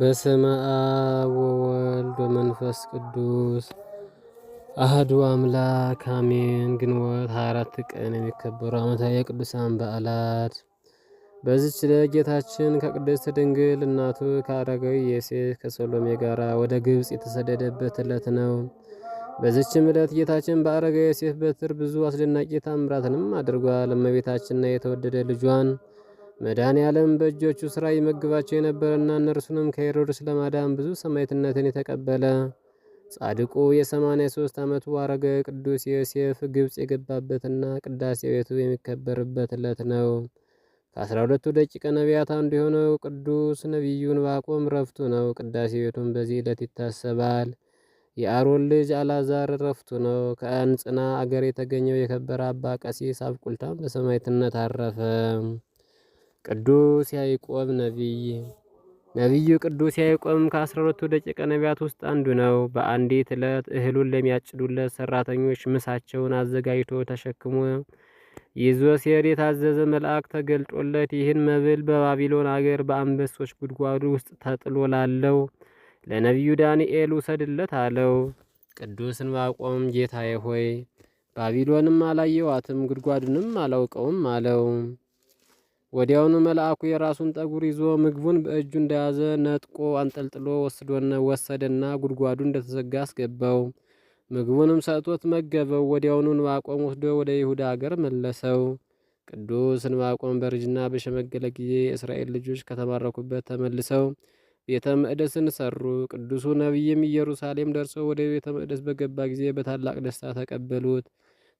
በስመ አብ ወወልድ ወመንፈስ ቅዱስ አህዱ አምላክ አሜን። ግንቦት 24 ቀን የሚከበሩ ዓመታዊ የቅዱሳን በዓላት። በዚች ዕለት ጌታችን ከቅድስት ድንግል እናቱ ከአረጋዊ ዮሴፍ ከሰሎሜ ጋራ ወደ ግብፅ የተሰደደበት ዕለት ነው። በዚችም ዕለት ጌታችን በአረጋዊ ዮሴፍ በትር ብዙ አስደናቂ ታምራትንም አድርጓል። እመቤታችንና የተወደደ ልጇን መድኃኔ ዓለም በእጆቹ ሥራ ይመግባቸው የነበረና እነርሱንም ከሄሮድስ ለማዳን ብዙ ሰማዕትነትን የተቀበለ ጻድቁ የ ሶስት ዓመቱ አረገ ቅዱስ ዮሴፍ ግብፅ የገባበትና ቅዳሴ ቤቱ የሚከበርበት ዕለት ነው። ከ12ቱ ደቂቀ ነቢያት አንዱ የሆነው ቅዱስ ነቢዩን ባቆም ረፍቱ ነው። ቅዳሴ ቤቱም በዚህ ዕለት ይታሰባል። የአሮን ልጅ አላዛር ረፍቱ ነው። ከአንጽና አገር የተገኘው የከበረ አባ ቀሲስ አብቁልታም በሰማዕትነት አረፈ። ቅዱስ ያዕቆብ ነቢይ ነቢዩ ቅዱስ ያዕቆብም ከአስራ ሁለቱ ደቂቀ ነቢያት ውስጥ አንዱ ነው። በአንዲት ዕለት እህሉን ለሚያጭዱለት ሰራተኞች ምሳቸውን አዘጋጅቶ ተሸክሞ ይዞ ሲሄድ የታዘዘ መልአክ ተገልጦለት ይህን መብል በባቢሎን አገር በአንበሶች ጉድጓድ ውስጥ ተጥሎ ላለው ለነቢዩ ዳንኤል ውሰድለት አለው። ቅዱስ ዕንባቆም ጌታዬ ሆይ ባቢሎንም አላየዋትም ጉድጓዱንም አላውቀውም አለው። ወዲያውኑ መልአኩ የራሱን ጠጉር ይዞ ምግቡን በእጁ እንደያዘ ነጥቆ አንጠልጥሎ ወሰደና ጉድጓዱ እንደተዘጋ አስገባው። ምግቡንም ሰጥቶት መገበው። ወዲያውኑ ዕንባቆም ወስዶ ወደ ይሁዳ አገር መለሰው። ቅዱስ ማቆም በርጅና በሸመገለ ጊዜ የእስራኤል ልጆች ከተማረኩበት ተመልሰው ቤተ መቅደስን ሰሩ። ቅዱሱ ነቢይም ኢየሩሳሌም ደርሶ ወደ ቤተ መቅደስ በገባ ጊዜ በታላቅ ደስታ ተቀበሉት።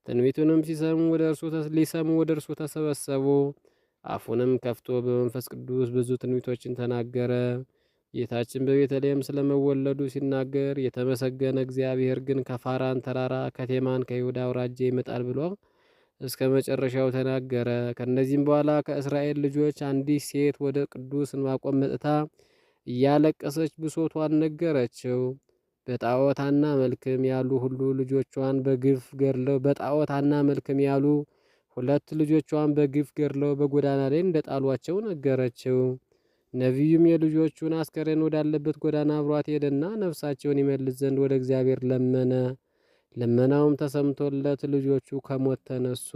ትንቢቱንም ሲሰሙ ወደ እርሱ ሊሰሙ ወደ እርሱ ተሰበሰቡ። አፉንም ከፍቶ በመንፈስ ቅዱስ ብዙ ትንቢቶችን ተናገረ። ጌታችን በቤተልሔም ስለመወለዱ ሲናገር የተመሰገነ እግዚአብሔር ግን ከፋራን ተራራ ከቴማን ከይሁዳ አውራጃ ይመጣል ብሎ እስከ መጨረሻው ተናገረ። ከእነዚህም በኋላ ከእስራኤል ልጆች አንዲት ሴት ወደ ቅዱስ ዕንባቆም መጥታ እያለቀሰች ብሶቷን ነገረችው። በጣዖት መልክም ያሉ ሁሉ ልጆቿን በግፍ ገድለው በጣዖት መልክም ያሉ ሁለት ልጆቿን በግፍ ገድለው በጎዳና ላይ እንደጣሏቸው ነገረችው። ነቢዩም የልጆቹን አስከሬን ወዳለበት ጎዳና አብሯት ሄደና ነፍሳቸውን ይመልስ ዘንድ ወደ እግዚአብሔር ለመነ። ልመናውም ተሰምቶለት ልጆቹ ከሞት ተነሱ።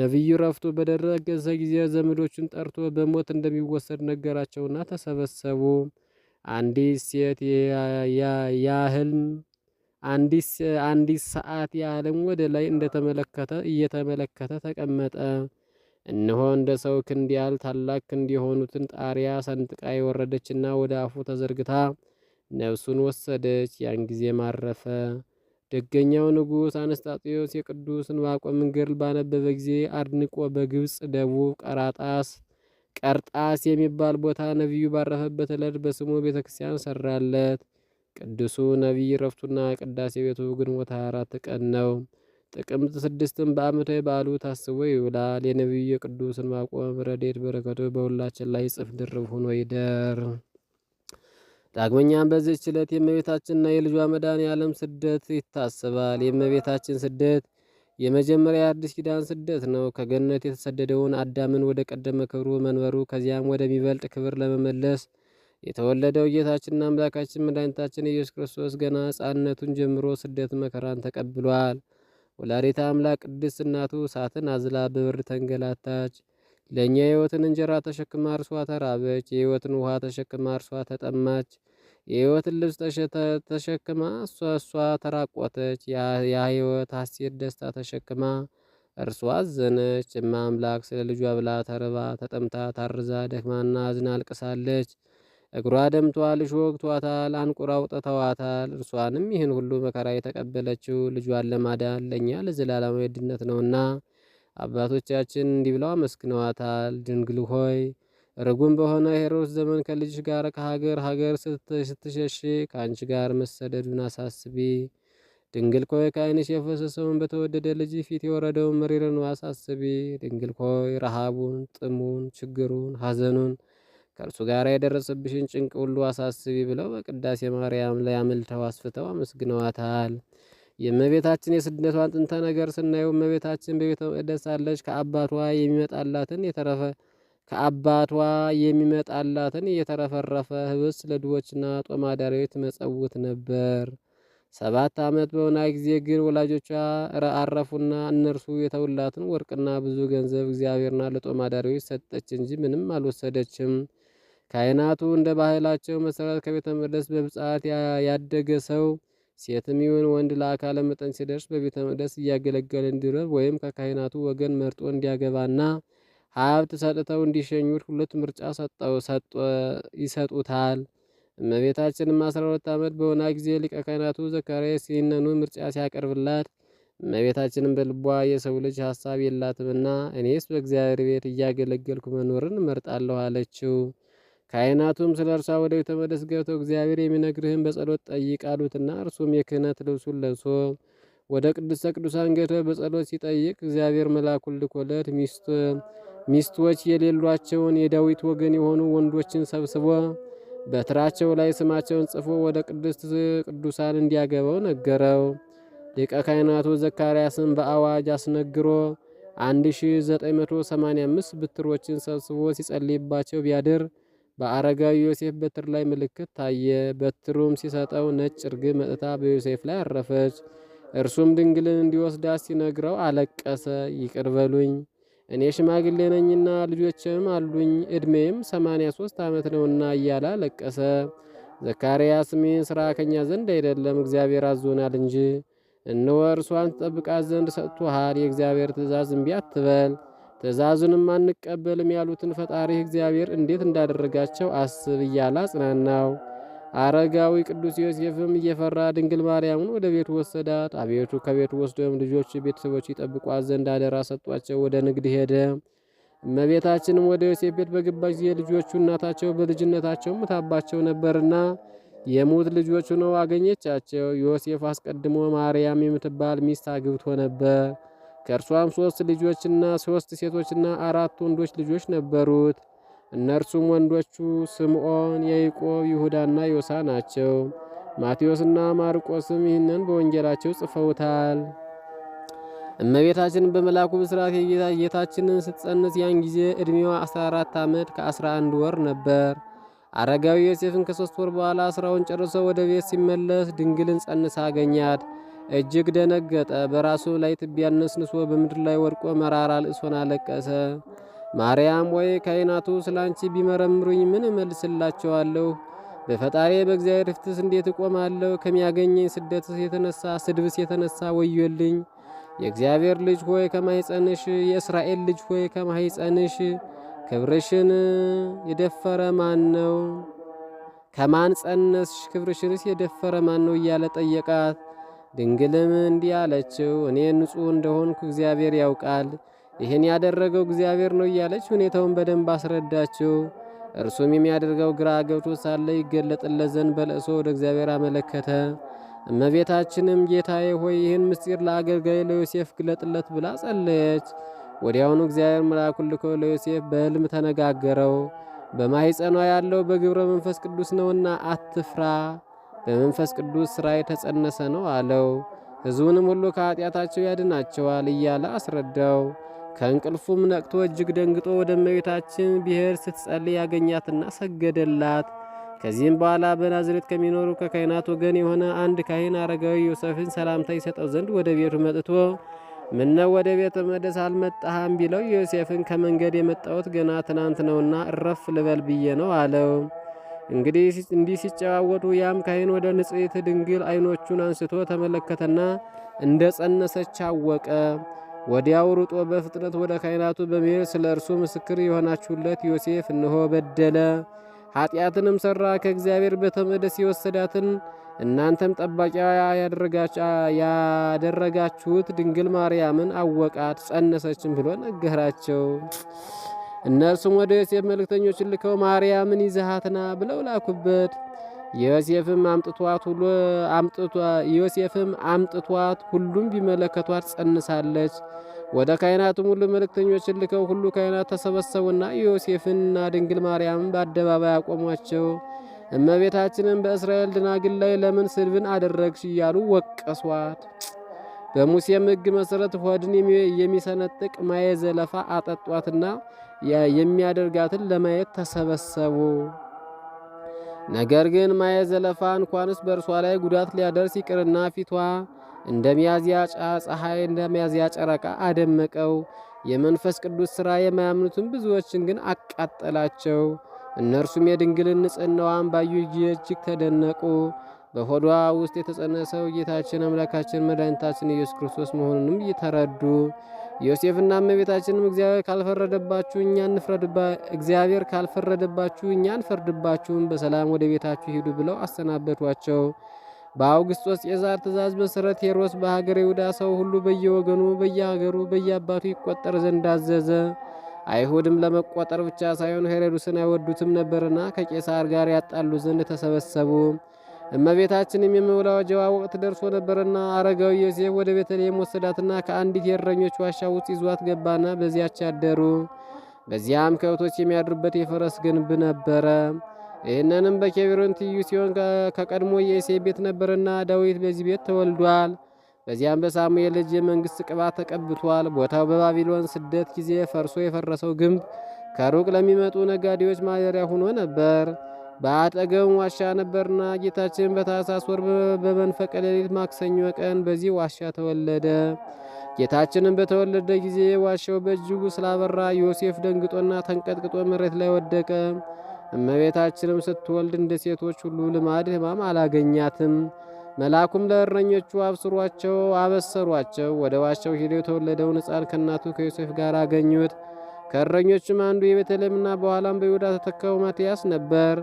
ነቢዩ ረፍቱ በደረገሰ ጊዜ ዘመዶቹን ጠርቶ በሞት እንደሚወሰድ ነገራቸውና ተሰበሰቡ። አንዲት ሴት ያህልም አንዲስ አንዲስ ሰዓት ያህልም ወደ ላይ እንደተመለከተ እየተመለከተ ተቀመጠ። እነሆ እንደ ሰው ክንድ ያህል ታላቅ ክንድ የሆኑትን ጣሪያ ሰንጥቃ የወረደችና ወደ አፉ ተዘርግታ ነፍሱን ወሰደች። ያን ጊዜም አረፈ። ደገኛው ንጉሥ አነስጣጢዮስ የቅዱስ ዕንባቆምን ገድል ባነበበ ጊዜ አድንቆ በግብፅ ደቡብ ቀራጣስ ቀርጣስ የሚባል ቦታ ነቢዩ ባረፈበት ዕለት በስሙ ቤተክርስቲያን ሰራለት። ቅዱሱ ነቢይ ረፍቱና ቅዳሴ ቤቱ ግንቦት 24 ቀን ነው። ጥቅምት ስድስትም በዓመታዊ በዓሉ ታስቦ ይውላል። የነቢዩ የቅዱስ ዕንባቆም ረድኤት በረከቱ በሁላችን ላይ ጽፍ ድርብ ሆኖ ይደር። ዳግመኛም በዚህች ዕለት የእመቤታችንና የልጇ መድኃኔዓለም ስደት ይታሰባል። የእመቤታችን ስደት የመጀመሪያ አዲስ ኪዳን ስደት ነው። ከገነት የተሰደደውን አዳምን ወደ ቀደመ ክብሩ መንበሩ ከዚያም ወደሚበልጥ ክብር ለመመለስ የተወለደው ጌታችንና አምላካችን መድኃኒታችን ኢየሱስ ክርስቶስ ገና ሕፃንነቱን ጀምሮ ስደት መከራን ተቀብሏል። ወላዲተ አምላክ ቅድስት እናቱ እሳትን አዝላ በብር ተንገላታች። ለእኛ የሕይወትን እንጀራ ተሸክማ እርሷ ተራበች። የሕይወትን ውሃ ተሸክማ እርሷ ተጠማች። የሕይወትን ልብስ ተሸክማ እሷ እሷ ተራቆተች። ሕይወት ሐሴት ደስታ ተሸክማ እርሷ አዘነች። እማ አምላክ ስለ ልጇ ብላ ተርባ ተጠምታ ታርዛ ደክማና አዝና አልቅሳለች። እግሯ ደምቷል፣ እሾህ ወግቷታል፣ አንቁራ አውጥተዋታል። እርሷንም ይህን ሁሉ መከራ የተቀበለችው ልጇን ለማዳን ለእኛ ለዘላለማዊ ድነት ነውና አባቶቻችን እንዲህ ብለው አመስግነዋታል። ድንግል ሆይ ርጉም በሆነ ሄሮድስ ዘመን ከልጅሽ ጋር ከሀገር ሀገር ስትሸሽ ከአንቺ ጋር መሰደዱን አሳስቢ። ድንግል ኮይ ከዓይንሽ የፈሰሰውን በተወደደ ልጅ ፊት የወረደውን መሪርን አሳስቢ። ድንግል ኮይ ረሃቡን፣ ጥሙን፣ ችግሩን፣ ሐዘኑን ከእርሱ ጋር የደረሰብሽን ጭንቅ ሁሉ አሳስቢ ብለው በቅዳሴ ማርያም ላይ አምልተው አስፍተው አመስግነዋታል። የእመቤታችን የስደቷን ጥንተ ነገር ስናየው እመቤታችን በቤተ መቅደስ ሳለች ከአባቷ የሚመጣላትን የተረፈ ከአባቷ የሚመጣላትን የተረፈረፈ ህብስ ለድሆችና ጦም አዳሪዎች ነበር። ሰባት ዓመት በሆነ ጊዜ ግን ወላጆቿ አረፉና እነርሱ የተውላትን ወርቅና ብዙ ገንዘብ እግዚአብሔርና ለጦም አዳሪዎች ሰጠች እንጂ ምንም አልወሰደችም። ካህናቱ እንደ ባህላቸው መሰረት ከቤተ መቅደስ በብጻት ያደገ ሰው ሴትም ይሁን ወንድ ለአካለ መጠን ሲደርስ በቤተ መቅደስ እያገለገለ እንዲረብ ወይም ከካህናቱ ወገን መርጦ እንዲያገባና ሀብት ሰጥተው እንዲሸኙት ሁለት ምርጫ ይሰጡታል። እመቤታችንም አስራ ሁለት ዓመት በሆና ጊዜ ሊቀ ካህናቱ ዘካርያስ ይህንኑ ምርጫ ሲያቀርብላት እመቤታችንም በልቧ የሰው ልጅ ሀሳብ የላትምና እኔስ በእግዚአብሔር ቤት እያገለገልኩ መኖርን መርጣለሁ አለችው። ካህናቱም ስለ እርሷ ወደ ቤተ መቅደስ ገብተው እግዚአብሔር የሚነግርህን በጸሎት ጠይቅ አሉትና እርሱም የክህነት ልብሱን ለብሶ ወደ ቅድስተ ቅዱሳን ገብቶ በጸሎት ሲጠይቅ እግዚአብሔር መልአኩን ልኮለት ሚስቶች የሌሏቸውን የዳዊት ወገን የሆኑ ወንዶችን ሰብስቦ በትራቸው ላይ ስማቸውን ጽፎ ወደ ቅድስት ቅዱሳን እንዲያገባው ነገረው። ሊቀ ካህናቱ ዘካርያስን በአዋጅ አስነግሮ 1985 ብትሮችን ሰብስቦ ሲጸልይባቸው ቢያድር በአረጋዊ ዮሴፍ በትር ላይ ምልክት ታየ። በትሩም ሲሰጠው ነጭ እርግብ መጥታ በዮሴፍ ላይ አረፈች። እርሱም ድንግልን እንዲወስዳት ሲነግረው አለቀሰ። ይቅር በሉኝ እኔ ሽማግሌ ነኝና ልጆችም አሉኝ ዕድሜም 83 ዓመት ነውና እያለ አለቀሰ። ዘካርያስም ይህን ሥራ ከእኛ ዘንድ አይደለም እግዚአብሔር አዞናል እንጂ እንወ እርሷን ትጠብቃት ዘንድ ሰጥቶሃል። የእግዚአብሔር ትእዛዝ እምቢ አትበል ትእዛዙንም አንቀበልም ያሉትን ፈጣሪ እግዚአብሔር እንዴት እንዳደረጋቸው አስብ እያለ አጽናናው። አረጋዊ ቅዱስ ዮሴፍም እየፈራ ድንግል ማርያምን ወደ ቤቱ ወሰዳት። አቤቱ ከቤቱ ወስዶም ልጆች ቤተሰቦች ይጠብቋት ዘንድ አደራ ሰጧቸው። ወደ ንግድ ሄደ። እመቤታችንም ወደ ዮሴፍ ቤት በገባች ጊዜ ልጆቹ እናታቸው በልጅነታቸው ምታባቸው ነበርና የሙት ልጆች ነው አገኘቻቸው። ዮሴፍ አስቀድሞ ማርያም የምትባል ሚስት አግብቶ ነበር። ከእርሷም ሶስት ልጆችና ሶስት ሴቶችና አራት ወንዶች ልጆች ነበሩት። እነርሱም ወንዶቹ ስምዖን፣ ያዕቆብ፣ ይሁዳና ዮሳ ናቸው። ማቴዎስና ማርቆስም ይህንን በወንጌላቸው ጽፈውታል። እመቤታችን በመልአኩ ብስራት ጌታችንን ስትጸንስ ያን ጊዜ ዕድሜዋ 14 ዓመት ከ11 ወር ነበር። አረጋዊ ዮሴፍን ከሶስት ወር በኋላ ሥራውን ጨርሶ ወደ ቤት ሲመለስ ድንግልን ጸንሳ አገኛት። እጅግ ደነገጠ። በራሱ ላይ ትቢያ ነስንሶ በምድር ላይ ወድቆ መራራ ልቅሶን አለቀሰ። ማርያም ወይ ካህናቱ ስለ አንቺ ቢመረምሩኝ ምን እመልስላቸዋለሁ? በፈጣሪ በእግዚአብሔር ፊትስ እንዴት እቆማለሁ? ከሚያገኘኝ ስደትስ የተነሳ ስድብስ የተነሳ ወዮልኝ። የእግዚአብሔር ልጅ ሆይ ከማይጸንሽ፣ የእስራኤል ልጅ ሆይ ከማይጸንሽ፣ ክብርሽን የደፈረ ማን ነው? ከማን ጸነስሽ? ክብርሽንስ የደፈረ ማን ነው? እያለ ጠየቃት። ድንግልም እንዲህ አለችው፣ እኔ ንጹሕ እንደሆንኩ እግዚአብሔር ያውቃል፣ ይህን ያደረገው እግዚአብሔር ነው እያለች ሁኔታውን በደንብ አስረዳችው። እርሱም የሚያደርገው ግራ ገብቶ ሳለ ይገለጥለት ዘንድ በለእሶ ወደ እግዚአብሔር አመለከተ። እመቤታችንም ጌታዬ ሆይ ይህን ምስጢር ለአገልጋይ ለዮሴፍ ግለጥለት ብላ ጸለየች። ወዲያውኑ እግዚአብሔር መልአኩን ልኮ ለዮሴፍ በሕልም ተነጋገረው። በማኅፀኗ ያለው በግብረ መንፈስ ቅዱስ ነውና አትፍራ በመንፈስ ቅዱስ ሥራ የተጸነሰ ነው አለው። ሕዝቡንም ሁሉ ከኃጢአታቸው ያድናቸዋል እያለ አስረዳው። ከእንቅልፉም ነቅቶ እጅግ ደንግጦ ወደ እመቤታችን ብሔር ስትጸልይ ያገኛትና ሰገደላት። ከዚህም በኋላ በናዝሬት ከሚኖሩ ከካህናት ወገን የሆነ አንድ ካህን አረጋዊ ዮሴፍን ሰላምታ ይሰጠው ዘንድ ወደ ቤቱ መጥቶ ምነው ወደ ቤተ መቅደስ አልመጣህም? ቢለው ዮሴፍን ከመንገድ የመጣሁት ገና ትናንት ነውና እረፍ ልበል ብዬ ነው አለው። እንግዲህ እንዲህ ሲጨዋወቱ ያም ካህን ወደ ንጽሕት ድንግል ዓይኖቹን አንስቶ ተመለከተና እንደ ጸነሰች አወቀ። ወዲያው ሩጦ በፍጥነት ወደ ካህናቱ በመሄድ ስለ እርሱ ምስክር የሆናችሁለት ዮሴፍ እንሆ በደለ፣ ኃጢአትንም ሠራ። ከእግዚአብሔር ቤተ መቅደስ የወሰዳትን እናንተም ጠባቂያ ያደረጋችሁት ድንግል ማርያምን አወቃት፣ ጸነሰችም ብሎ ነገራቸው። እነርሱም ወደ ዮሴፍ መልእክተኞች ልከው ማርያምን ይዘሃትና ብለው ላኩበት። ዮሴፍም አምጥቷት ሁሉ አምጥቷ ዮሴፍም አምጥቷት ሁሉም ቢመለከቷት ጸንሳለች። ወደ ካህናቱም ሁሉ መልእክተኞች ልከው ሁሉ ካህናት ተሰበሰቡና ዮሴፍንና ድንግል ማርያምን በአደባባይ አቆሟቸው። እመቤታችንን በእስራኤል ድናግል ላይ ለምን ስድብን አደረግሽ እያሉ ወቀሷት። በሙሴም ሕግ መሠረት ሆድን የሚሰነጥቅ ማየ ዘለፋ አጠጧትና የሚያደርጋትን ለማየት ተሰበሰቡ። ነገር ግን ማየት ዘለፋ እንኳንስ በእርሷ ላይ ጉዳት ሊያደርስ ይቅርና ፊቷ እንደ ሚያዝያ ፀሐይ እንደ ሚያዝያ ጨረቃ አደመቀው። የመንፈስ ቅዱስ ሥራ የማያምኑትን ብዙዎችን ግን አቃጠላቸው። እነርሱም የድንግልን ንጽሕናዋን ባዩ እጅግ ተደነቁ። በሆዷ ውስጥ የተጸነሰው ጌታችን አምላካችን መድኃኒታችን ኢየሱስ ክርስቶስ መሆኑንም እየተረዱ ዮሴፍና እመቤታችንም እግዚአብሔር ካልፈረደባችሁ እኛ እንፍረድባ እግዚአብሔር ካልፈረደባችሁ እኛ እንፈርድባችሁም በሰላም ወደ ቤታችሁ ሂዱ ብለው አሰናበቷቸው። በአውግስጦስ ቄዛር ትእዛዝ መሰረት ሄሮስ በሀገር ይሁዳ ሰው ሁሉ በየወገኑ በየሀገሩ በየአባቱ ይቆጠር ዘንድ አዘዘ። አይሁድም ለመቆጠር ብቻ ሳይሆን ሄሮድስን አይወዱትም ነበርና ከቄሳር ጋር ያጣሉ ዘንድ ተሰበሰቡ። እመቤታችንም የመውለጃዋ ወቅት ደርሶ ነበርና አረጋዊ ዮሴፍ ወደ ቤተልሔም ወሰዳትና ከአንዲት የእረኞች ዋሻ ውስጥ ይዟት ገባና በዚያች ያደሩ። በዚያም ከብቶች የሚያድሩበት የፈረስ ግንብ ነበረ። ይህንንም በኬብሮን ትይዩ ሲሆን ከቀድሞ የእሴይ ቤት ነበርና ዳዊት በዚህ ቤት ተወልዷል። በዚያም በሳሙኤል ልጅ የመንግሥት ቅባት ተቀብቷል። ቦታው በባቢሎን ስደት ጊዜ ፈርሶ የፈረሰው ግንብ ከሩቅ ለሚመጡ ነጋዴዎች ማደሪያ ሆኖ ነበር። በአጠገቡም ዋሻ ነበርና ጌታችን በታኅሳስ ወር በመንፈቀ ሌሊት ማክሰኞ ቀን በዚህ ዋሻ ተወለደ። ጌታችንም በተወለደ ጊዜ ዋሻው በእጅጉ ስላበራ ዮሴፍ ደንግጦና ተንቀጥቅጦ መሬት ላይ ወደቀ። እመቤታችንም ስትወልድ እንደ ሴቶች ሁሉ ልማድ ሕማም አላገኛትም። መልአኩም ለእረኞቹ አብስሯቸው አበሰሯቸው። ወደ ዋሻው ሄደው የተወለደውን ሕፃን ከእናቱ ከዮሴፍ ጋር አገኙት። ከእረኞቹም አንዱ የቤተልሔምና በኋላም በይሁዳ ተተካው ማትያስ ነበር።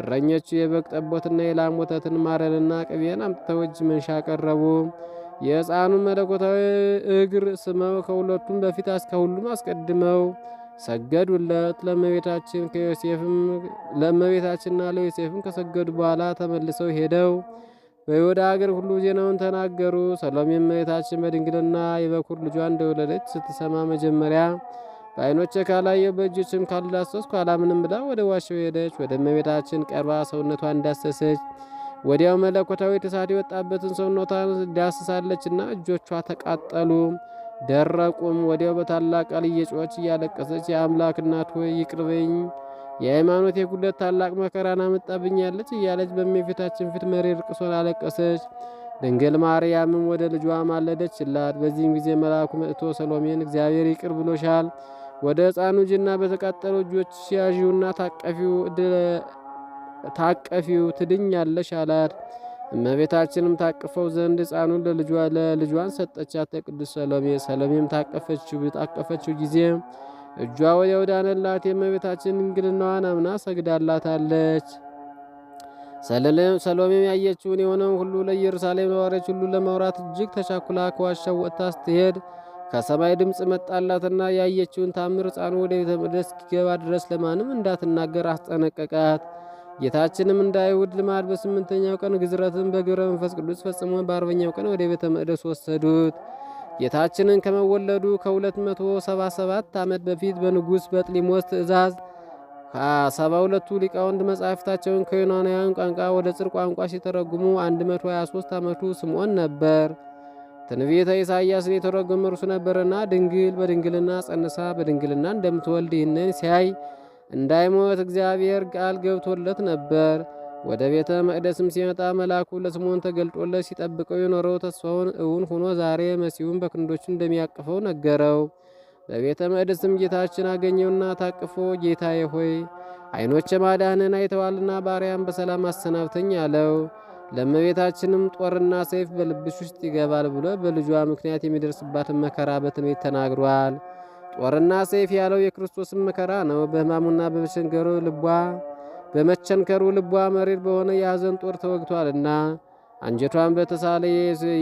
እረኞቹ የበግ ጠቦትና የላም ወተትን ማረንና ቅቤን አምጥተው እጅ መንሻ ቀረቡ። የሕፃኑን መለኮታዊ እግር ስመው ከሁለቱም በፊት ከሁሉም አስቀድመው ሰገዱለት። ለመቤታችን ከዮሴፍም ለመቤታችንና ለዮሴፍም ከሰገዱ በኋላ ተመልሰው ሄደው በይሁዳ አገር ሁሉ ዜናውን ተናገሩ። ሰሎሜም እመቤታችን በድንግልና የበኩር ልጇ እንደወለደች ስትሰማ መጀመሪያ በዓይኖቼ ካላየ በእጆችም ካልዳሰስኩ አላምንም ብላ ወደ ዋሻው ሄደች። ወደ እመቤታችን ቀርባ ሰውነቷን እንዳሰሰች። ወዲያው መለኮታዊ እሳት የወጣበትን ሰውነቷን ዳስሳለችና እጆቿ ተቃጠሉ፣ ደረቁም። ወዲያው በታላቅ ቃል እያለቀሰች የአምላክ እናት ሆይ ይቅርበኝ፣ የሃይማኖት ጉድለት ታላቅ መከራን አመጣብኛለች እያለች በእመቤታችን ፊት መሪር ቅሶን አለቀሰች። ድንግል ማርያምም ወደ ልጇ ማለደችላት። በዚህም ጊዜ መልአኩ መጥቶ ሰሎሜን እግዚአብሔር ይቅር ብሎሻል፣ ወደ ሕፃኑ እጅና በተቃጠሉ እጆች ሲያዥውና ታቀፊው ትድኛለሽ አላት። እመቤታችንም ታቅፈው ዘንድ ሕፃኑን ለልጇን ሰጠቻት። ለቅዱስ ሰሎሜ ሰሎሜም ታቀፈችው ጊዜ እጇ ወደ ወዳነላት የእመቤታችን ድንግልናዋን አምና ሰግዳላታለች። ሰሎሜም ያየችውን የሆነውን ሁሉ ለኢየሩሳሌም ነዋሪዎች ሁሉ ለማውራት እጅግ ተቻኩላ ከዋሻው ወጥታ ስትሄድ ከሰማይ ድምፅ መጣላትና ያየችውን ታምር ሕፃኑ ወደ ቤተ መቅደስ እስኪገባ ድረስ ለማንም እንዳትናገር አስጠነቀቃት። ጌታችንም እንደ አይሁድ ልማድ በስምንተኛው ቀን ግዝረትን በግብረ መንፈስ ቅዱስ ፈጽሞ በአርበኛው ቀን ወደ ቤተ መቅደስ ወሰዱት። ጌታችንን ከመወለዱ ከ277 ዓመት በፊት በንጉሥ በጥሊሞስ ትእዛዝ ሰባ ሁለቱ ሊቃውንት መጻሕፍታቸውን ከዮናናውያን ቋንቋ ወደ ጽር ቋንቋ ሲተረጉሙ 123 ዓመቱ ስምዖን ነበር። ትንቢተ ኢሳይያስን የተረጎመ እርሱ ነበርና ድንግል በድንግልና ጸንሳ በድንግልና እንደምትወልድ ይህንን ሲያይ እንዳይሞት እግዚአብሔር ቃል ገብቶለት ነበር። ወደ ቤተ መቅደስም ሲመጣ መልአኩ ለስምዖን ተገልጦለት ሲጠብቀው የኖረው ተስፋውን እውን ሆኖ ዛሬ መሲሁን በክንዶቹ እንደሚያቅፈው ነገረው። በቤተ መቅደስም ጌታችን አገኘውና ታቅፎ ጌታዬ ሆይ አይኖች ማዳህንን አይተዋልና ባሪያም በሰላም አሰናብተኝ አለው። ለእመቤታችንም ጦርና ሰይፍ በልብሽ ውስጥ ይገባል ብሎ በልጇ ምክንያት የሚደርስባትን መከራ በትንቢት ተናግሯል። ጦርና ሰይፍ ያለው የክርስቶስን መከራ ነው። በሕማሙና በመቸንከሩ ልቧ በመቸንከሩ ልቧ መሪር በሆነ የሐዘን ጦር ተወግቷልና አንጀቷን በተሳለ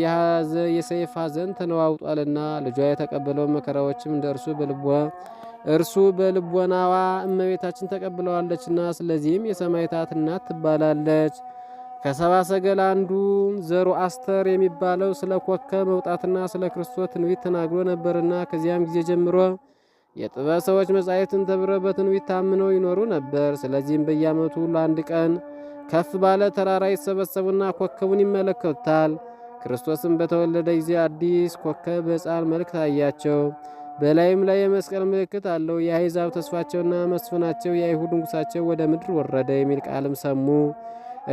የያዘ የሰይፍ ሐዘን ተነዋውጧልና ልጇ የተቀበለው መከራዎችም እንደ እርሱ በልቧ እርሱ በልቦናዋ እመቤታችን ተቀብለዋለችና ስለዚህም የሰማይታት እናት ትባላለች። ከሰባ ሰገል አንዱ ዘሩ አስተር የሚባለው ስለ ኮከብ መውጣትና ስለ ክርስቶስ ትንቢት ተናግሮ ነበርና ከዚያም ጊዜ ጀምሮ የጥበብ ሰዎች መጻሕፍትን ተምረው በትንቢት ታምነው ይኖሩ ነበር። ስለዚህም በየዓመቱ ለአንድ ቀን ከፍ ባለ ተራራ ይሰበሰቡና ኮከቡን ይመለከቱታል። ክርስቶስም በተወለደ ጊዜ አዲስ ኮከብ በሕፃን መልክ ታያቸው። በላይም ላይ የመስቀል ምልክት አለው። የአሕዛብ ተስፋቸውና መስፍናቸው የአይሁድ ንጉሳቸው ወደ ምድር ወረደ የሚል ቃልም ሰሙ።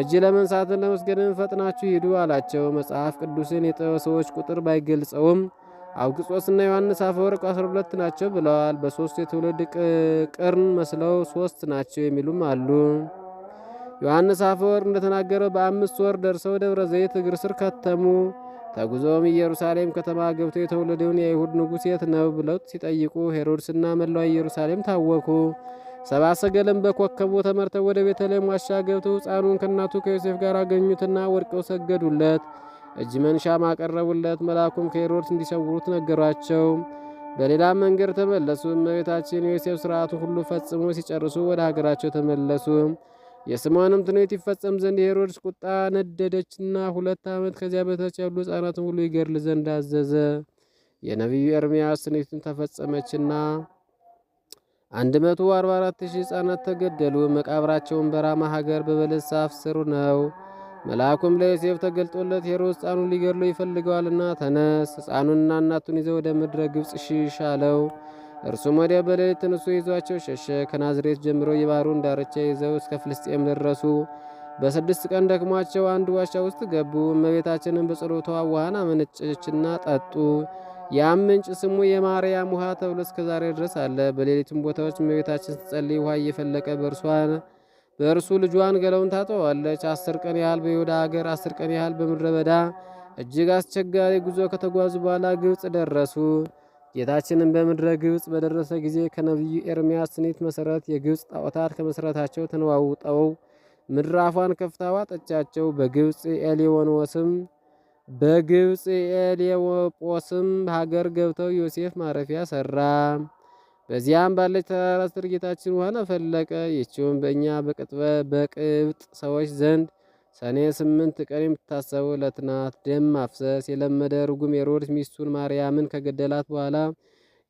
እጅ ለመንሳትን ለመስገድን ፈጥናችሁ ሂዱ አላቸው። መጽሐፍ ቅዱስን ሰዎች ቁጥር ባይገልጸውም አውግጾስና ዮሐንስ አፈወርቅ 12 ናቸው ብለዋል። በሶስት የትውልድ ቅርን መስለው ሶስት ናቸው የሚሉም አሉ። ዮሐንስ አፈወርቅ እንደተናገረው በአምስት ወር ደርሰው ደብረ ዘይት እግር ስር ከተሙ። ተጉዞም ኢየሩሳሌም ከተማ ገብቶ የተወለደውን የአይሁድ ንጉሥ የት ነው ብለው ሲጠይቁ ሄሮድስና መላዋ ኢየሩሳሌም ታወኩ። ሰባ ሰገልም በኮከቡ ተመርተው ወደ ቤተልሔም ዋሻ ገብተው ሕፃኑን ከእናቱ ከዮሴፍ ጋር አገኙትና ወድቀው ሰገዱለት። እጅ መንሻም አቀረቡለት። መልአኩም ከሄሮድስ እንዲሰውሩት ነገሯቸው። በሌላ መንገድ ተመለሱ። እመቤታችን የዮሴፍ ስርዓቱ ሁሉ ፈጽሞ ሲጨርሱ ወደ ሀገራቸው ተመለሱ። የስሟንም ትንቢት ይፈጸም ዘንድ የሄሮድስ ቁጣ ነደደችና ሁለት ዓመት ከዚያ በታች ያሉ ሕፃናትን ሁሉ ይገድል ዘንድ አዘዘ። የነቢዩ ኤርምያስ ትንቢትም ተፈጸመችና 144 ሺህ ሕፃናት ተገደሉ። መቃብራቸውን በራማ ሀገር በበለስ ዛፍ ስር ነው። መልአኩም ለዮሴፍ ተገልጦለት ሄሮድስ ሕፃኑን ሊገድሎ ይፈልገዋልና ተነስ፣ ሕፃኑንና እናቱን ይዘው ወደ ምድረ ግብፅ ሽሽ አለው። እርሱም ወዲያ በሌሊት ተነሱ ይዟቸው ሸሸ። ከናዝሬት ጀምሮ የባህሩን ዳርቻ ይዘው እስከ ፍልስጤም ደረሱ። በስድስት ቀን ደክሟቸው አንድ ዋሻ ውስጥ ገቡ። እመቤታችንን በጸሎቷ ውሃን አመነጨችና ጠጡ። ያም ምንጭ ስሙ የማርያም ውሃ ተብሎ እስከ ዛሬ ድረስ አለ። በሌሊትም ቦታዎች እመቤታችን ስትጸልይ ውሃ እየፈለቀ በእርሷን በእርሱ ልጇን ገለውን ታጠዋለች። አስር ቀን ያህል በይሁዳ አገር አስር ቀን ያህል በምድረ በዳ እጅግ አስቸጋሪ ጉዞ ከተጓዙ በኋላ ግብፅ ደረሱ። ጌታችንም በምድረ ግብፅ በደረሰ ጊዜ ከነቢዩ ኤርምያስ ትንቢት መሰረት የግብፅ ጣዖታት ከመሠረታቸው ተነዋውጠው ምድር አፏን ከፍታ ዋጠቻቸው። በግብፅ ኤሌዎኖስም በግብፅ ኤሌዎጶስም ሀገር ገብተው ዮሴፍ ማረፊያ ሰራ። በዚያም ባለች ተራራ ስር ጌታችን ውሃን አፈለቀ። ይህችውም በእኛ በቅብጥ ሰዎች ዘንድ ሰኔ ስምንት ቀን የምትታሰበው ዕለት ናት። ደም ማፍሰስ የለመደ ርጉም ሄሮድስ ሚስቱን ማርያምን ከገደላት በኋላ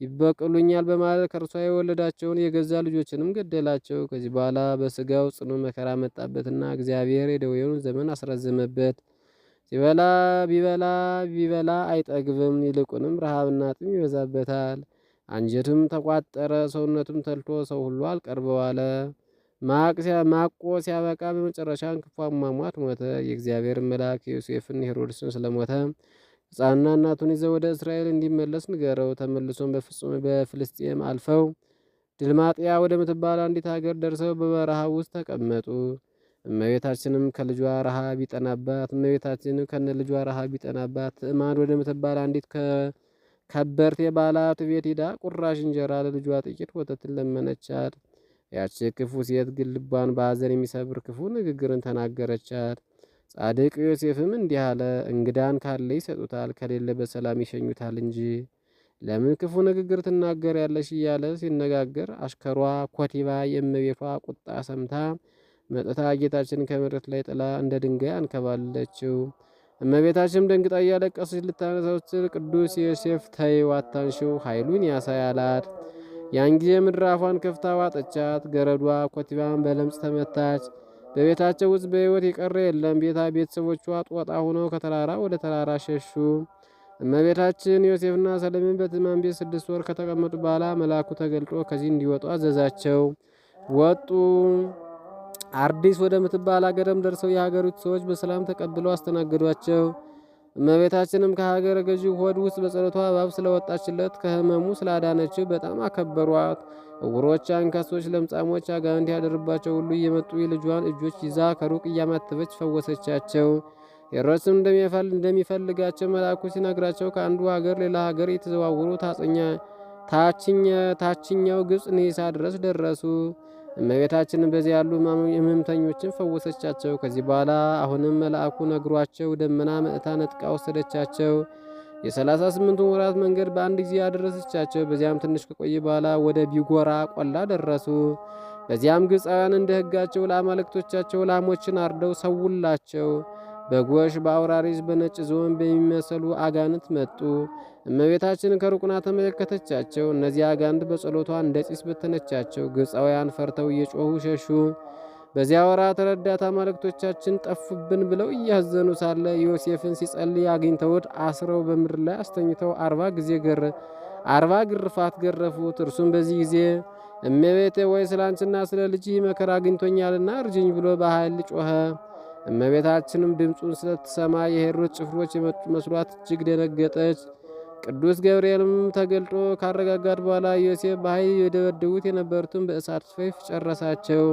ይበቅሉኛል በማለት ከእርሷ የወለዳቸውን የገዛ ልጆችንም ገደላቸው። ከዚህ በኋላ በስጋው ጽኑ መከራ መጣበትና እግዚአብሔር የደዌውን ዘመን አስረዘመበት። ሲበላ ቢበላ ቢበላ አይጠግብም፣ ይልቁንም ረሃብና ጥም ይበዛበታል። አንጀቱም ተቋጠረ፣ ሰውነቱም ተልቶ ሰው ሁሉ አልቀርበው አለ። ማቆ ሲያበቃ በመጨረሻን ክፉ አሟሟት ሞተ። የእግዚአብሔር መልአክ ዮሴፍን ሄሮድስን ስለሞተ ሕፃኑና እናቱን ይዘው ወደ እስራኤል እንዲመለስ ንገረው። ተመልሶም በፍጹም በፍልስጤም አልፈው ድልማጥያ ወደ ምትባል አንዲት ሀገር ደርሰው በበረሃ ውስጥ ተቀመጡ። እመቤታችንም ከልጇ ረሃብ ቢጠናባት እመቤታችንም ከነ ልጇ ረሃብ ቢጠናባት ትዕማን ምትባል አንዲት ከበርቴ ባላት ቤት ሂዳ ቁራሽ እንጀራ ለልጇ ጥቂት ወተትን ለመነቻት። ያች ክፉ ሴት ግን ልቧን በሐዘን የሚሰብር ክፉ ንግግርን ተናገረቻት። ጻድቅ ዮሴፍም እንዲህ አለ፣ እንግዳን ካለ ይሰጡታል፣ ከሌለ በሰላም ይሸኙታል እንጂ ለምን ክፉ ንግግር ትናገር ያለሽ እያለ ሲነጋገር አሽከሯ ኮቲባ የእመቤቷ ቁጣ ሰምታ መጥታ ጌታችን ከመሬት ላይ ጥላ እንደ ድንጋይ አንከባለችው። እመቤታችንም ደንግጣ እያለቀሰች ልታነሳው ስትል ቅዱስ ዮሴፍ ተይው አታንሺው ኃይሉን ያሳያላት ያን ጊዜ ምድር አፏን ከፍታ ዋጠቻት። ገረዷ ኮቲባን በለምጽ ተመታች። በቤታቸው ውስጥ በሕይወት የቀረ የለም። ቤታ ቤተሰቦቿ ጦጣ ሆነው ከተራራ ወደ ተራራ ሸሹ። እመቤታችን ዮሴፍና ሰለሜን በትማን ቤት ስድስት ወር ከተቀመጡ በኋላ መልአኩ ተገልጦ ከዚህ እንዲወጡ አዘዛቸው። ወጡ። አርዲስ ወደ ምትባል አገርም ደርሰው የሀገሪቱ ሰዎች በሰላም ተቀብለው አስተናገዷቸው። እመቤታችንም ከሀገረ ገዢ ሆድ ውስጥ በጸሎቷ እባብ ስለወጣችለት ከህመሙ ስላዳነችው በጣም አከበሯት። እውሮች፣ አንካሶች፣ ለምጻሞች፣ አጋንንት ያደርባቸው ሁሉ እየመጡ የልጇን እጆች ይዛ ከሩቅ እያማተበች ፈወሰቻቸው። ሄሮድስም እንደሚፈልጋቸው መልአኩ ሲነግራቸው ከአንዱ ሀገር ሌላ ሀገር የተዘዋወሩ ታችኛው ግብፅ ንይሳ ድረስ ደረሱ። እመቤታችንም በዚህ ያሉ ህመምተኞችን ፈወሰቻቸው። ከዚህ በኋላ አሁንም መልአኩ ነግሯቸው ደመና መእታ ነጥቃ ወሰደቻቸው። የሰላሳ ስምንቱን ወራት መንገድ በአንድ ጊዜ ያደረሰቻቸው። በዚያም ትንሽ ከቆየ በኋላ ወደ ቢጎራ ቆላ ደረሱ። በዚያም ግብፃውያን እንደ ሕጋቸው ለአማልክቶቻቸው ላሞችን አርደው ሰውላቸው። በጎሽ በአውራሪስ በነጭ ዝሆን በሚመሰሉ አጋንንት መጡ። እመቤታችን ከሩቁና ተመለከተቻቸው። እነዚያ አጋንንት በጸሎቷ እንደ ጢስ በተነቻቸው። ግብፃውያን ፈርተው እየጮሁ ሸሹ። በዚያ ወራት ረዳት አማልክቶቻችን ጠፉብን ብለው እያዘኑ ሳለ ዮሴፍን ሲጸልይ አግኝተውት አስረው በምድር ላይ አስተኝተው አርባ ጊዜ ገረ አርባ ግርፋት ገረፉት። እርሱም በዚህ ጊዜ እመቤቴ ወይ ስለ አንቺና ስለ ልጅህ መከራ አግኝቶኛልና እርጅኝ ብሎ በኃይል ጮኸ። እመቤታችንም ድምፁን ስለትሰማ የሄሮድስ ጭፍሮች የመጡ መስሏት እጅግ ደነገጠች። ቅዱስ ገብርኤልም ተገልጦ ካረጋጋት በኋላ ዮሴፍ በኃይል የደበደቡት የነበሩትን በእሳት ፈፍ ጨረሳቸው።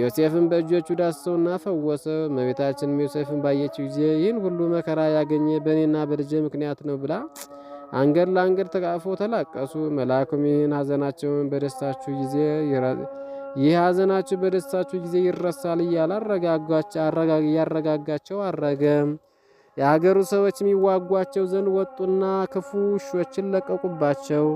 ዮሴፍን በእጆቹ ዳሰውና ፈወሰው። እመቤታችንም ዮሴፍን ባየችው ጊዜ ይህን ሁሉ መከራ ያገኘ በእኔና በልጄ ምክንያት ነው ብላ አንገድ ለአንገድ ተቃፎ ተላቀሱ። መልአኩም ይህን ሐዘናቸውን በደስታችሁ ጊዜ ይህ ሐዘናችሁ በደስታችሁ ጊዜ ይረሳል እያለ አረጋጋቸው አረገ። የሀገሩ ሰዎች የሚዋጓቸው ዘንድ ወጡና ክፉ ውሾችን ለቀቁባቸው።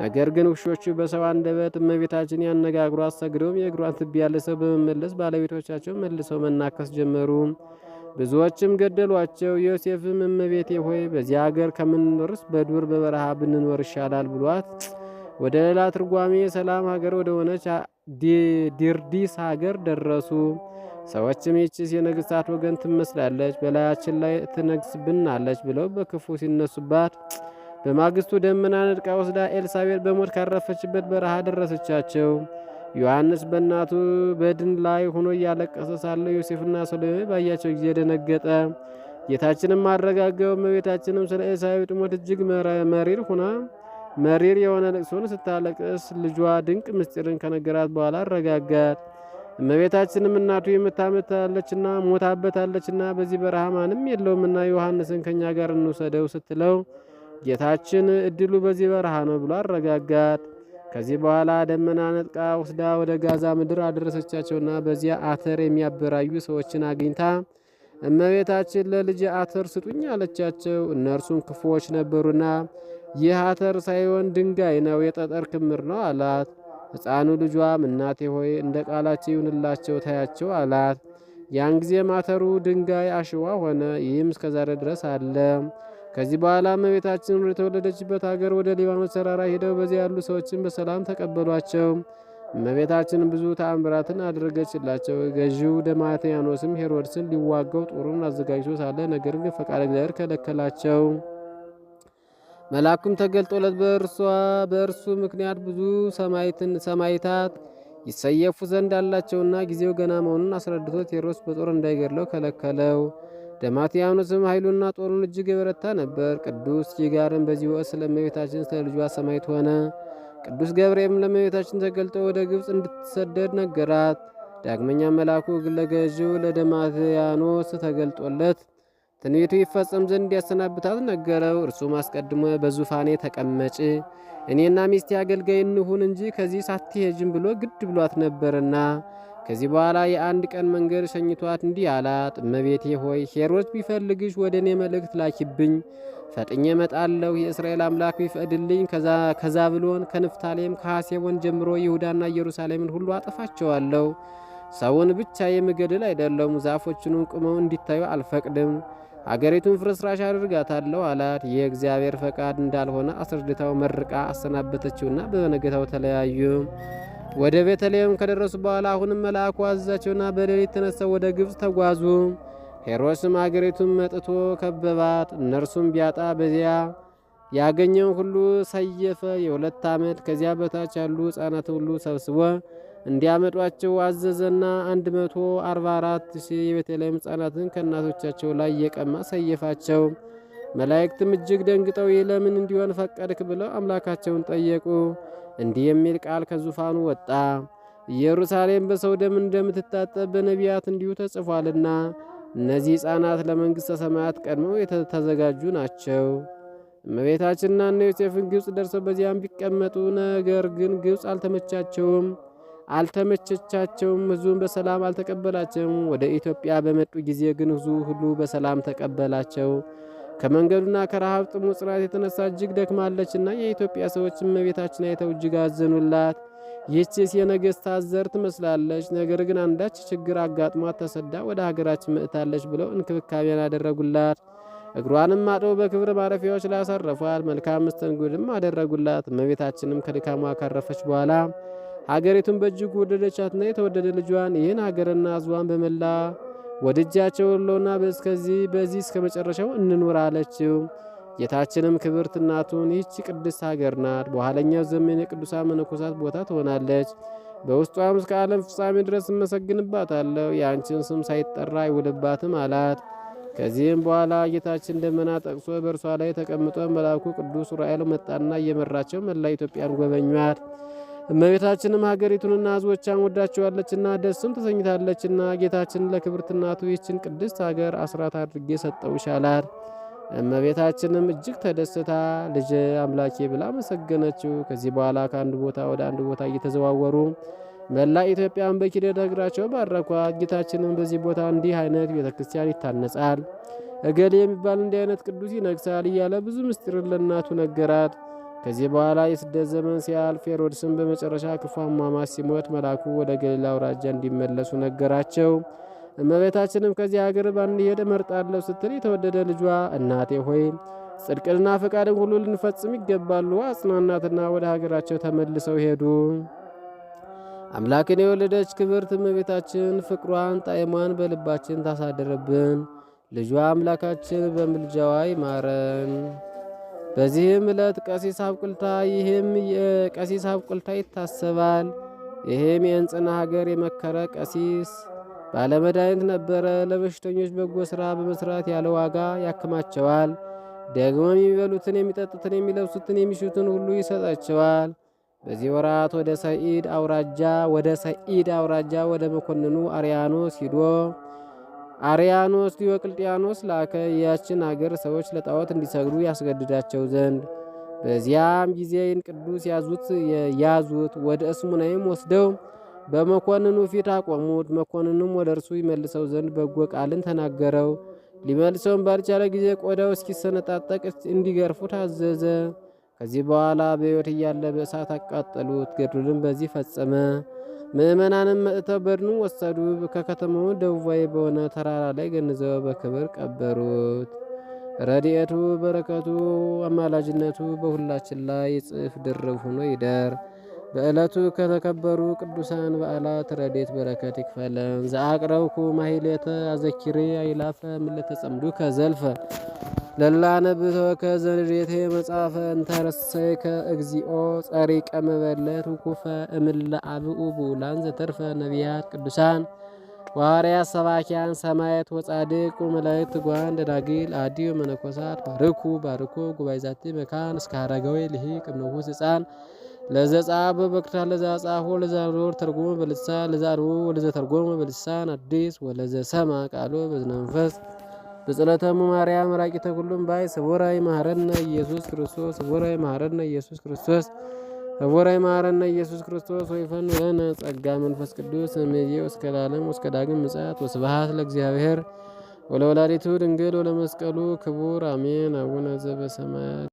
ነገር ግን ውሾቹ በሰው አንደበት እመቤታችን ያነጋግሩ አሰግደውም የእግሯን ትቢያ ለሰው በመመለስ ባለቤቶቻቸው መልሰው መናከስ ጀመሩ። ብዙዎችም ገደሏቸው። ዮሴፍም እመቤቴ ሆይ በዚህ አገር ከምንኖርስ በዱር በበረሃ ብንኖር ይሻላል ብሏት ወደ ሌላ ትርጓሜ ሰላም ሀገር ወደ ሆነች ዲርዲስ ሀገር ደረሱ። ሰዎችም ይቺስ የነገሥታት ወገን ትመስላለች፣ በላያችን ላይ ትነግስብናለች ብለው በክፉ ሲነሱባት በማግስቱ ደመናን ንድቃ ወስዳ ኤልሳቤጥ በሞት ካረፈችበት በረሃ ደረሰቻቸው። ዮሐንስ በእናቱ በድን ላይ ሆኖ እያለቀሰ ሳለ ዮሴፍና ሰሎሜ ባያቸው ጊዜ ደነገጠ። ጌታችንም አረጋገው። እመቤታችንም ስለ ኤልሳቤጥ ሞት እጅግ መሪር ሆና መሪር የሆነ ልቅሶን ስታለቅስ ልጇ ድንቅ ምስጢርን ከነገራት በኋላ አረጋጋት። እመቤታችንም እናቱ የምታመታለችና ሞታበታለችና በዚህ በረሃ ማንም የለውምና ዮሐንስን ከእኛ ጋር እንውሰደው ስትለው ጌታችን እድሉ በዚህ በረሃ ነው ብሎ አረጋጋት። ከዚህ በኋላ ደመና ነጥቃ ወስዳ ወደ ጋዛ ምድር አደረሰቻቸውና በዚያ አተር የሚያበራዩ ሰዎችን አግኝታ እመቤታችን ለልጅ አተር ስጡኝ አለቻቸው። እነርሱም ክፉዎች ነበሩና ይህ አተር ሳይሆን ድንጋይ ነው፣ የጠጠር ክምር ነው አላት። ሕፃኑ ልጇም እናቴ ሆይ እንደ ቃላቸው ይሁንላቸው ታያቸው አላት። ያን ጊዜ ማተሩ ድንጋይ አሸዋ ሆነ። ይህም እስከዛሬ ድረስ አለ። ከዚህ በኋላ እመቤታችን ወደ ተወለደችበት አገር ወደ ሊባኖስ ተራራ ሄደው በዚያ ያሉ ሰዎችን በሰላም ተቀበሏቸው። እመቤታችን ብዙ ተአምራትን አደረገችላቸው። ገዢው ደማትያኖስም ሄሮድስን ሊዋጋው ጦሩን አዘጋጅቶ ሳለ ነገር ግን ፈቃድ እግዚአብሔር ከለከላቸው። መልአኩም ተገልጦለት በእርሷ በእርሱ ምክንያት ብዙ ሰማይትን ሰማይታት ይሰየፉ ዘንድ አላቸውና ጊዜው ገና መሆኑን አስረድቶ ቴዎድሮስ በጦር እንዳይገድለው ከለከለው። ደማትያኖስም ኃይሉና ጦሩን እጅግ የበረታ ነበር። ቅዱስ ጂጋርም በዚህ ወቅት ስለ እመቤታችን ስለ ልጇ ሆነ። ቅዱስ ገብርኤልም ለእመቤታችን ተገልጦ ወደ ግብፅ እንድትሰደድ ነገራት። ዳግመኛ መልአኩ ለገዢው ለደማትያኖስ ተገልጦለት ትንቢቱ ይፈጸም ዘንድ ያሰናብታት ነገረው። እርሱም አስቀድሞ በዙፋኔ ተቀመጭ፣ እኔና ሚስቴ አገልጋይ እንሁን እንጂ ከዚህ ሳትሄጅም ብሎ ግድ ብሏት ነበርና። ከዚህ በኋላ የአንድ ቀን መንገድ ሸኝቷት እንዲህ አላት፣ እመቤቴ ሆይ ሄሮድስ ቢፈልግሽ ወደ እኔ መልእክት ላኪብኝ፣ ፈጥኜ እመጣለሁ። የእስራኤል አምላክ ቢፈቅድልኝ ከዛብሎን ከንፍታሌም ከሐሴቦን ጀምሮ ይሁዳና ኢየሩሳሌምን ሁሉ አጠፋቸዋለሁ። ሰውን ብቻ የምገድል አይደለም፣ ዛፎችንም ቁመው እንዲታዩ አልፈቅድም። አገሪቱን ፍርስራሽ አድርጋታለሁ አላት። የእግዚአብሔር ፈቃድ እንዳልሆነ አስረድታው መርቃ አሰናበተችውና በነገታው ተለያዩ። ወደ ቤተልሔም ከደረሱ በኋላ አሁንም መልአኩ አዘዛቸውና በሌሊት ተነስተው ወደ ግብፅ ተጓዙ። ሄሮድስም አገሪቱን መጥቶ ከበባት። እነርሱም ቢያጣ በዚያ ያገኘውን ሁሉ ሰየፈ። የሁለት ዓመት ከዚያ በታች ያሉ ሕፃናት ሁሉ ሰብስቦ እንዲያመጧቸው አዘዘና 144 ሺ የቤተልሔም ህጻናትን ከእናቶቻቸው ላይ የቀማ ሰየፋቸው። መላእክትም እጅግ ደንግጠው ለምን እንዲሆን ፈቀድክ ብለው አምላካቸውን ጠየቁ። እንዲህ የሚል ቃል ከዙፋኑ ወጣ። ኢየሩሳሌም በሰው ደም እንደምትታጠብ በነቢያት እንዲሁ ተጽፏልና እነዚህ ሕፃናት ለመንግሥተ ሰማያት ቀድመው የተዘጋጁ ናቸው። እመቤታችንና እነ ዮሴፍን ግብፅ ደርሰው በዚያም ቢቀመጡ ነገር ግን ግብፅ አልተመቻቸውም። አልተመቸቻቸውም። ህዙን በሰላም አልተቀበላቸውም። ወደ ኢትዮጵያ በመጡ ጊዜ ግን ሕዝቡ ሁሉ በሰላም ተቀበላቸው። ከመንገዱና ከረሃብ ጥሙ ጽናት የተነሳ እጅግ ደክማለችና የኢትዮጵያ ሰዎች እመቤታችን አይተው እጅግ አዘኑላት። ይህችስ የነገሥታት ዘር ትመስላለች፣ ነገር ግን አንዳች ችግር አጋጥሟት ተሰዳ ወደ ሀገራችን መጥታለች ብለው እንክብካቤን አደረጉላት። እግሯንም አጥበው በክብር ማረፊያዎች ላይ አሳረፏት። መልካም መስተንግዶም አደረጉላት። እመቤታችንም ከድካሟ ካረፈች በኋላ ሀገሪቱን በእጅጉ ወደደቻትና የተወደደ ልጇን ይህን ሀገርና ሕዝቧን በመላ ወድጃቸው ሎና በስከዚህ በዚህ እስከ መጨረሻው እንኑር አለችው። ጌታችንም ክብርት እናቱን ይህች ቅድስት ሀገር ናት፣ በኋለኛው ዘመን የቅዱሳን መነኮሳት ቦታ ትሆናለች፣ በውስጧም እስከ ዓለም ፍጻሜ ድረስ እመሰግንባታለሁ፣ የአንቺን ስም ሳይጠራ አይውልባትም አላት። ከዚህም በኋላ ጌታችን ደመና ጠቅሶ በእርሷ ላይ ተቀምጦ መልአኩ ቅዱስ ዑራኤል መጣና እየመራቸው መላ ኢትዮጵያን ጎበኟት። እመቤታችንም ሀገሪቱንና ሕዝቦቿን ወዳቸዋለችና ደስም ተሰኝታለችና ጌታችን ለክብርት እናቱ ይህችን ቅድስት ሀገር አስራት አድርጌ ሰጠው አላት። እመቤታችንም እጅግ ተደስታ ልጅ አምላኬ ብላ መሰገነችው። ከዚህ በኋላ ከአንድ ቦታ ወደ አንድ ቦታ እየተዘዋወሩ መላ ኢትዮጵያን በኪደተ እግራቸው ባረኳት። ጌታችንም በዚህ ቦታ እንዲህ አይነት ቤተ ክርስቲያን ይታነጻል፣ እገሌ የሚባል እንዲህ አይነት ቅዱስ ይነግሳል እያለ ብዙ ምስጢር ለእናቱ ነገራት። ከዚህ በኋላ የስደት ዘመን ሲያልፍ ሄሮድስም በመጨረሻ ክፉ አሟሟት ሲሞት መልአኩ ወደ ገሊላ አውራጃ እንዲመለሱ ነገራቸው። እመቤታችንም ከዚህ አገር ባንሄድ እመርጣለሁ ስትል የተወደደ ልጇ እናቴ ሆይ ጽድቅንና ፈቃድን ሁሉ ልንፈጽም ይገባሉ አጽናናትና ወደ ሀገራቸው ተመልሰው ሄዱ። አምላክን የወለደች ክብርት እመቤታችን ፍቅሯን ጣዕሟን በልባችን ታሳደረብን። ልጇ አምላካችን በምልጃዋ ይማረን። በዚህም ዕለት ቀሲስ አብቁልታ ይህም የቀሲስ አብቅልታ ይታሰባል። ይህም የእንጽና ሀገር የመከረ ቀሲስ ባለመድኃኒት ነበረ። ለበሽተኞች በጎ ሥራ በመስራት ያለ ዋጋ ያክማቸዋል። ደግሞም የሚበሉትን፣ የሚጠጡትን፣ የሚለብሱትን፣ የሚሹትን ሁሉ ይሰጣቸዋል። በዚህ ወራት ወደ ሰኢድ አውራጃ ወደ ሰኢድ አውራጃ ወደ መኮንኑ አርያኖስ ሂዶ አርያኖስ ዲዮቅልጥያኖስ ላከ ያችን አገር ሰዎች ለጣዖት እንዲሰግዱ ያስገድዳቸው ዘንድ። በዚያም ጊዜ ይህን ቅዱስ ያዙት ያዙት ወደ እስሙናይም ወስደው በመኮንኑ ፊት አቆሙት። መኮንኑም ወደ እርሱ ይመልሰው ዘንድ በጎ ቃልን ተናገረው። ሊመልሰውን ባልቻለ ጊዜ ቆዳው እስኪሰነጣጠቅ እንዲገርፉ ታዘዘ። ከዚህ በኋላ በሕይወት እያለ በእሳት አቃጠሉት። ገድሉንም በዚህ ፈጸመ። ምዕመናንም መጥተው በድኑ ወሰዱ። ከከተማው ደቡባዊ በሆነ ተራራ ላይ ገንዘው በክብር ቀበሩት። ረድኤቱ በረከቱ አማላጅነቱ በሁላችን ላይ ይጽፍ ድርብ ሆኖ ይደር። በዕለቱ ከተከበሩ ቅዱሳን በዓላት ረድኤት በረከት ይክፈለን። ዘአቅረብኩ ማሂሌተ አዘኪሬ አይላፈ ምለተጸምዱ ከዘልፈ ለላነብቶ ከዘንዴቴ መጻፈ እንተረሰይከ እግዚኦ ጸሪ ቀመበለት ውኩፈ እምለ አብኡ ቡላን ዘተርፈ ነቢያት ቅዱሳን ዋርያት ሰባኪያን ሰማየት ወጻድቅ መላእክት ጓን ደናግል አዲዮ መነኮሳት ባርኩ ባርኩ ጉባኤ ዛቲ መካን እስከ አረጋዊ ልሂቅ እምንኩስ ህፃን ለዘጻበ በክታ ለዛጻፎ ለዛኖር ተርጎመ በልሳ ለዛሩ ወለዘ ወለዘተርጎመ በልሳን አዲስ ወለዘ ሰማ ቃሎ በዝነንፈስ በጸለተሙ ማርያም ራቂ ኩሉም ባይ ስቡራይ ማረነ ኢየሱስ ክርስቶስ ስቡራይ ማረነ ኢየሱስ ክርስቶስ ስቡራይ ማረነ ኢየሱስ ክርስቶስ ወይፈን ለነ ጸጋ መንፈስ ቅዱስ እምዬ እስከ ለዓለም እስከ ዳግም ምጽአት ወስብሐት ለእግዚአብሔር ወለወላዲቱ ድንግል ወለመስቀሉ ክቡር አሜን። አቡነ ዘበሰማያት